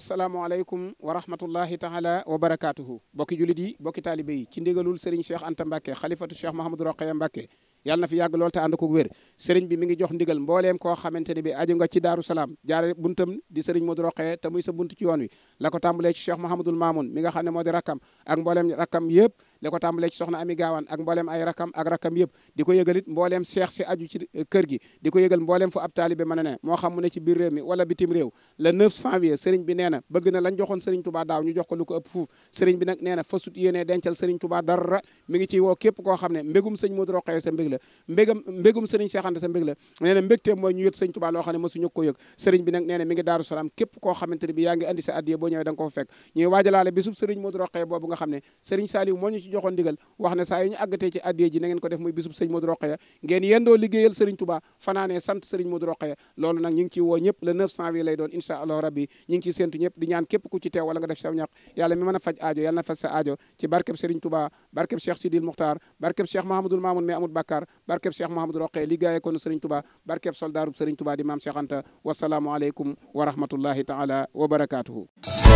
asalaamaaleykum wa rahmatullahi taala wa barakaatuhu bokki jullit yi bokki taalibe yi ci ndigalul Serigne Cheikh Anta Mbacke xalifatu Cheikh Mahamadou Rokhaya Mbacke yàlla na fi yàgg lool te ànd ko wér sëriñ bi mi ngi jox ndigal mbooleem koo xamante ne bi aju nga ci daaru salaam buntam di sëriñ Modou Rokhaya te muy sa bunt ci yoon wi la ko tàmbalee ci Cheikh Mouhamadoul Mamoun mi nga xam ne moo di rakkam ak mbooleem ko tàmbalee ci soxna Ami Gaawaan ak mbooleem ay rakkam ak rakkam yëpp di ko yëgal mbooleem seex si aju ci kër gi di ko yëgal mbooleem fu ab taalibe mën a ne moo xam ci biir réew mi wala bitim réew le 9 janvier sëriñ bi nee na bëgg na lañ joxoon sëriñ Touba daaw ñu jox ko lu ko ëpp fuuf bi nag nee na fasut dencal sëriñ la mbégam mbégum sëriñ sa mbég la nee na mooy ñu yët sëriñ Tuubaa loo ne mosuñu ko yëg sëriñ bi nag mi ngi daaru salaam képp koo bi yaa ngi andi sa addiye boo ñëwee da ko fa fekk ñuy waajalaale bisub sëriñ Modou Rokhaya boobu nga xam ne sëriñ Saliou moo ñu ci joxoon ndigal wax ne saa ñu àggatee ci addiye ji ko def muy bisub sëriñ Modou Rokhaya ngeen yendoo liggéeyal sëriñ Tuubaa fanaanee sant sëriñ Modou Rokhaya loolu nag ñu a yaakaar barkeb Cheikh Mouhamadou Roqee liggéeyee ko nu Serigne Touba barkeb soldaarub Serigne Touba di maam Cheikh Anta wasalaamualeykum wa rahmatullahi taala wa barakaatuhu